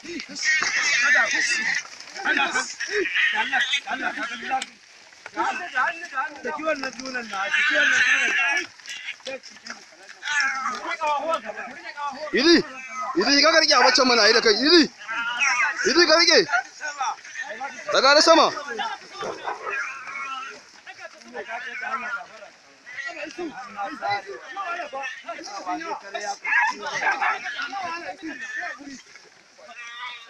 Idi, idi ka rike a waccan mana yi da kai, idi, idi ka rike, daga da sama. Thank you.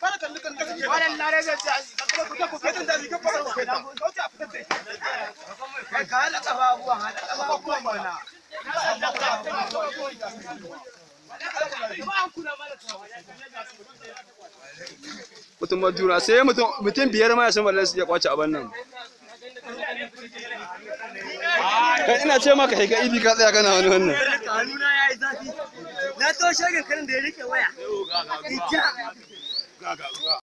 Mutum kalli kan sai mutum biyar ma ya san wallahi ya kwace abin nan kai ina ce maka kai ga ka tsaya kana wani wannan na to shagin karin da ya rike waya ga ga ruwa